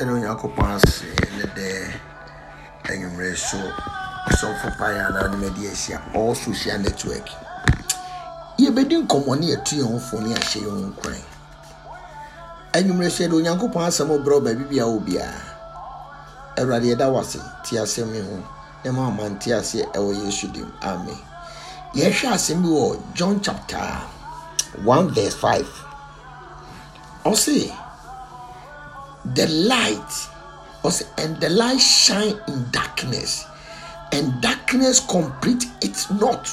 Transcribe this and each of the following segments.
ɛne onyankopɔn ase ne dɛ anwummerɛ so asɔfo paeɛ anaa ne madi ahyia all social network yɛbɛdi nkɔmmɔ ne yɛtu yɛn ho fo ne ahyɛ yɛn ho nkwan anwummerɛ so yɛde onyankopɔn asɛm brɛ wo baabi biara wo biara awurade yɛda wo ase te asɛm yi ho na ma ama nte aseɛ ɛwɔ yesu dim amen yɛhwɛ asɛm bi wɔ john chapter 1 verse 5 ɔse the light was and the light shine in darkness and darkness complete it not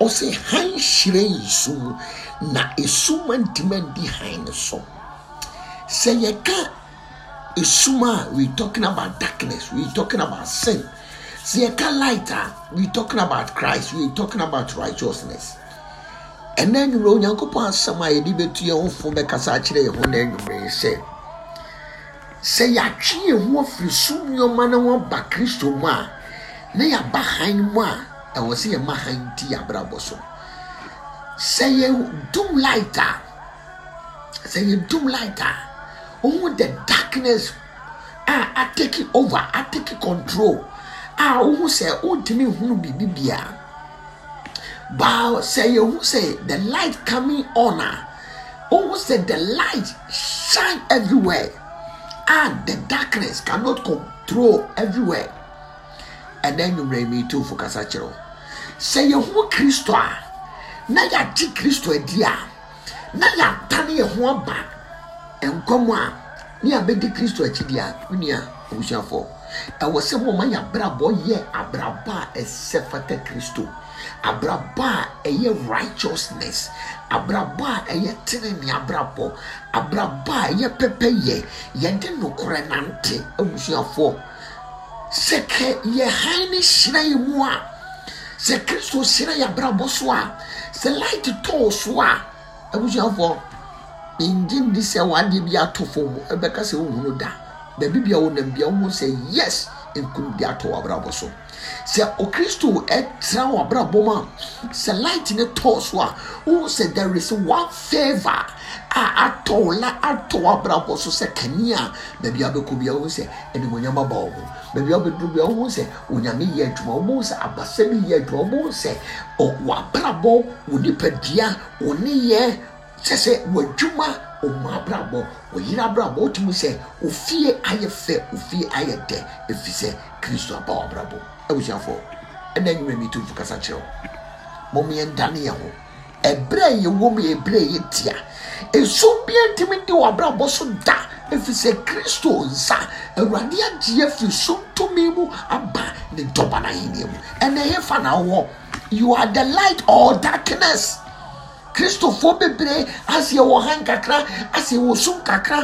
ɔsɛ hann hyerɛ nsu mu na esuma ntoma behind hann no so sɛ yɛka esuma we talking about darkness we talking about sin sɛ yɛka light a ah, we talking about christ we talking about righteousness ɛnna anwummerɛ onyankopɔn asɛm a yɛde bɛtu yɛn ho fo bɛkasa akyerɛ yɛn ho na anwummerɛ sɛ sɛ yɛatwe yɛn ho afiri so nneɛma na wɔba kristo mu a na yɛaba han mu a ɛwɔ sɛ yɛma han ti yɛabrabɔ so sɛ yɛdum light a sɛ yɛdum light a wohu the darkness a atake over atake control a wohu sɛ wontumi hunu biribi biara but sɛ yɛhu sɛ the light coming on a wohu sɛ the light shine everywhere and ah, the darkness cannot control everywhere ɛnna enyimire mi tu fo kasa kyerɛw sɛ yɛho kristo a na yɛagye kristo adi a na yɛatane yɛho aba nkɔm a ne yɛabɛdi kristo akyi di a onua abusuafoɔ ɛwɔ sɛ mo ma yɛ abrabɔ yɛ abrabɔ a ɛsɛ fata kristo abrabɔ a ɛyɛ righteousness abrabɔ a ɛyɛ tene ne abrabɔ abrabɔ a ɛyɛ pɛpɛ yɛ yɛde nokorɛ nante abusuafoɔ sɛ kɛ yɛ hann ne hyerɛ yi mu a sɛ kristo hyerɛ yɛ abrabɔ so a sɛ light tɔɔ so a abusuafoɔɔ ngye ndi sɛ wadeɛ bi atɔ fam ɛbɛka sɛ wohunu da baabi bi a wɔnam bi a wɔn sɛ yes nkum de atɔ abrabɔ so sɛ okristo ɛtena wɔ abrabɔ mu a sɛ light ne tɔɔ so a wɔn sɛ there is one favour a atɔ la atɔ abrabɔ so sɛ kanea baabi abɛkɔ bi a wɔn sɛ ɛnumonyam aba wɔn baabi abɛduru bi a wɔn sɛ onyame yɛ adwuma wɔn sɛ abasa bi yɛ adwuma wɔn sɛ ɔ wɔ abrabɔ wɔ nipadua wɔ ne yɛ kyɛ sɛ wɔ adwuma. ɔmo abrabɔ ɔyere abrabɔ wotumi sɛ ofie ayɛ fɛ ofie ayɛ dɛ efi sɛ kristu aba wɔ abrabɔ abusuafo ɛna enyim emi tu kasa kyerɛw mo mo yɛn dane yɛn ho ɛbrɛ yɛ wɔ mu ɛbrɛ yɛ tia esu bia ntumi di wɔ abrabɔ so da efi sɛ kristu nsa awurade agye efi so ntumi mu aba ne dɔba na yɛn mu ɛna yɛ fa na wɔ you are the light or darkness. kristofoɔ bebree ase yɛwɔ han kakra ase yɛwɔ sum kakra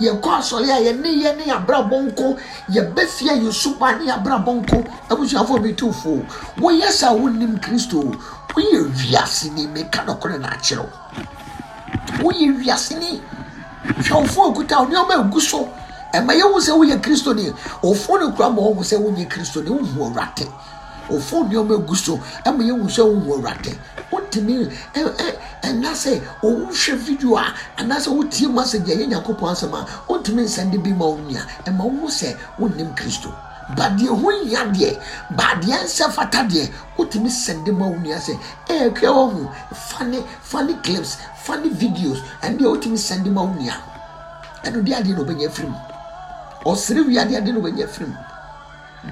yɛkɔ asɔre a yɛne yɛ ne yɛabrabɔ nko yɛbɛfie yɛsum a ne yɛabrabɔ nko abusuafoɔ bi tu fo woyɛ saa wonnim kristo woyɛ wiase ni meka nɔkorɛ no akyerɛw woyɛ wiase ni hwɛwofoɔ akuta wo nneɔma agu so ɛma yɛhu sɛ woyɛ kristo ni ɔfoɔ no kura ma ɔhu sɛ wonyɛ kristo ni wohu awurade ɔfoɔ nneɔma agu so ɛma yɛhu sɛ wohu awurade tumi ɛna sɛ ɔwohwɛ video a anaasɛ wotie message ɛyɛ nyankopɔn asɛm a wontumi nsɛnde bi ma wo nua ɛma wohu sɛ wonnim kristo badeɛ ho nya deɛ badeɛ nsɛ fata deɛ wotumi sɛnde ma wo nua sɛ ɛɛhwɛ wɔ ho fane fane clips fane videos ɛneɛ wotumi sɛnde ma wo nua ɛno deɛ adeɛ na ɔbɛnya afiri mu ɔsere wiadeɛ adeɛ na ɔbɛnya afiri mu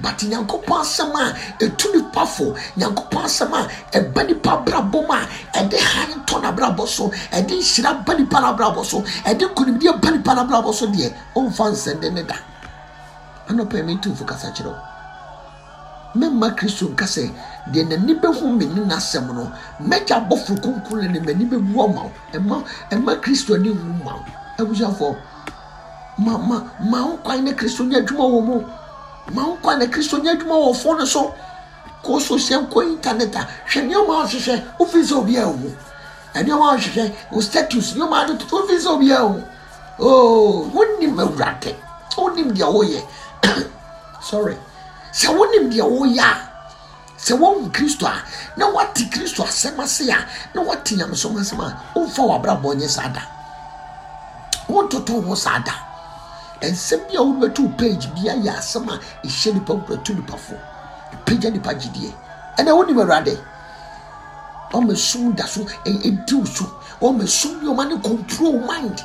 but nyankopɔn asɛm ah, a ɛtu ne powerful nyankopɔn asɛm a ɛba nipa abrabɔ mu a ɛde han tɔ n'abrabɔ so ɛde nhyira ba nipa n'abrabɔ so ɛde nkonimdiɛ ba nipa n'abrabɔ so deɛ ɔmfa nsɛnde ne da anɔpɛ mi tu fo kasa kyerɛw mɛmma kristo nka sɛ deɛ n'ani bɛhu me ne n'asɛm no mɛgya abɔfo kunkun ne m'ani bɛwu ɔma wo ɛma ɛma kristo ani wu ma wo abusuafoɔ ma ma ma nkwan ne kristo nyɛ adwuma wɔ mu ma nkwan ne kristo nyɛ adwuma wɔ fo ne so kó social kó internet a hwɛ nneɛma ahyehyɛ ofin sɛ obi a ɛwɔ nneɛma ahyehyɛ o status nneɛma adeto ofin sɛ obi a ɛwɔ ooo wonim awurade wonim deɛ woyɛ sorry sɛ wonim deɛ woyɛ a sɛ wɔn kristo a na wate kristo asɛm ase a na wate nyamesom asɛm a womfa w'abrabɔ nyɛ saa da wontoto ho saa da nsɛm bi a wobɛto page bi ayɛ asɛm a ɛhyɛ nipa wuratu nipafoɔ apagya nipa gyidie ɛnna wɔn nim awurade wɔn mɛ sum da so e, ediw so wɔn mɛ sum yɛ wɔn ani control mind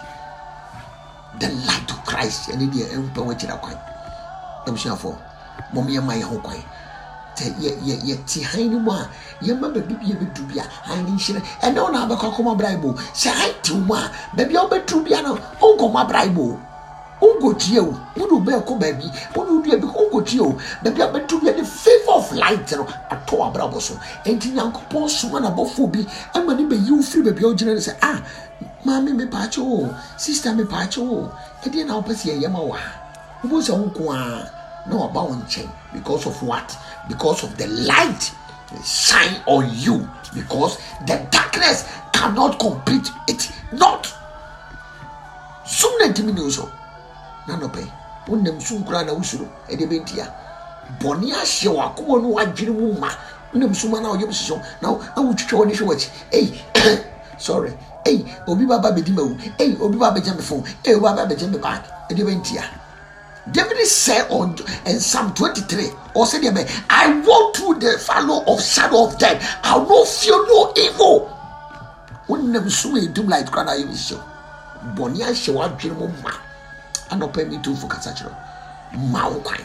the light of christ ɛne deɛ ɛmpɛ wɔn akyerɛ kwan ɛmusuafo mɔmu yɛ ma yɛ ho kwan tɛ yɛ yɛ yɛ te han ne mu a yɛ ma baabi bi yɛ bɛ duru bi a han ne nhyira ɛnna wɔn abɛkɔ akɔmɔ abira yi bo sɛ han te mu a baabi a wɔbɛ duru bi a no wɔn nkɔmɔ abira yi ungotie o wode wobɛɛkɔ baabi wode wodua bi ungotie o baabi a bɛtumi ade favor of light no atɔ abrabɔ so enti nyankopɔn soma nabɔfoɔ bi ama ne bɛyi wo firi baabi a wogyina no sɛ ah maame mepaakye wo sister mepaakye wo ɛdeɛ na wopɛ sɛ yɛyɛ ma wo a wobɛhu sɛ wo nko a na waba wo nkyɛn because of what because of the light shine on you because the darkness cannot complete it not sum na ntimi ne wo so nanɔpɛ wonam su nkora na wosuro ɛde bɛntia bɔne ahyɛ wɔ akoma no wadwene mu ma wonam su ma na ɔyɛ msosɔ na awotwitwa wɔ ne hwɛ wɔkyi ei sɔre ei obi baba bɛdi ma wo ei obi baba bɛgya me fo ei obi baba bɛgya me baa ɛde bɛntia David said on in Psalm 23 or said, I walk through the valley of shadow of death, I will fear no evil. Wouldn't them soon e do like Granada? Bonia, she was dreaming anɔpɛ mi tumfo kasa kyerɛ ma wo kwan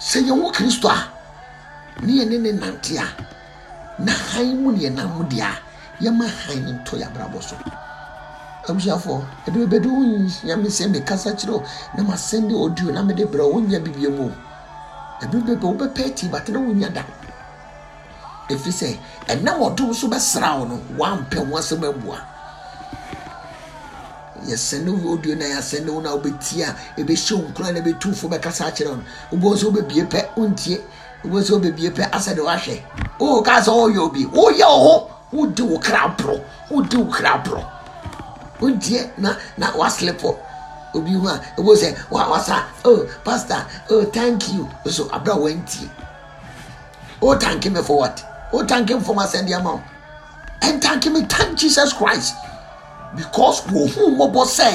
sɛ yɛwɔ kristo a ne yɛne ne nante a na han mu ne yɛnam mu deɛ a yɛma han no ntɔ yɛabrabɔ so abusuafoɔ ɛde bɛbɛde wo nyame sɛ mekasa kyerɛ o na masɛnde audio e e e na mede brɛ wonya bibia mu ɛbere bɛbɛ wobɛpɛ ti bate na wonya da ɛfiri sɛ ɛna wɔdom so bɛsra wo no woampɛ ho asɛm aboa yɛsɛne wo oduo na yɛasɛne wo na wobɛtie a ɛbɛhyɛ wo nkora na ɛbɛtu fo bɛkasa akyerɛ wo no wobɛhu sɛ wobɛbie pɛ wontie wobɛhu sɛ wobɛbie pɛ asɛ de woahwɛ wowo kaa sɛ woyɛ obi woyɛ wo ho wode wo kra borɔ wode wo kra borɔ wontie na na woaslepɔ obi hu a ɛbɛhu sɛ wasa oh pastor oh thank you so abrɛ wantie oh thank him for what oh thank him for my sɛndeɛ ma wo and thank him thank jesus christ because wò hu mmɔbɔ sɛ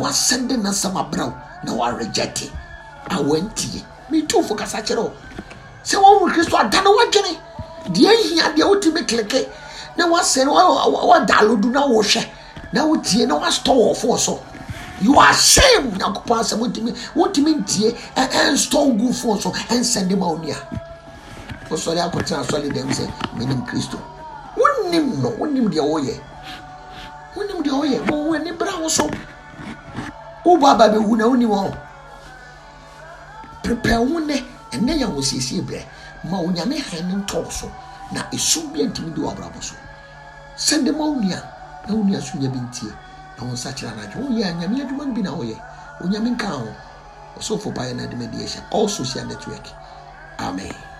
wasɛnde n'asɛm abrɛw na warejɛte a wantie metumfo kasa kyerɛ o sɛ wɔhu kristo adane wadwene deɛ ahia deɛ wotumi kleke na wasɛn wadaalodu na wohwɛ na wotie na wastɔ wɔfoɔ so you are shame nyankopɔn asɛm wotumi wotumi ntie ɛnstɔ gu foɔ so ɛnsɛnde ma onua wosɔre akɔtena asɔre dɛm sɛ menim kristo wonim no wonim deɛ woyɛ deɛ ɔyɛ ma ɔwɔ ani bra wo so wobɔ aba bɛwu na woni wɔ prepare wo nɛ ɛnɛ yɛ wo siesie berɛ ma onyame han ne ntɔɔ so na ɛsum bia ntimi de wabrabɔ so sɛde ma wo nua na wo nua so nya bi ntie na wo nsa kyerɛ anadwo woyɛ nyame adwuma no bi na woyɛ onyame nka ho ɔsɔfo baeɛ no adwuma ɛhyɛ all social network amen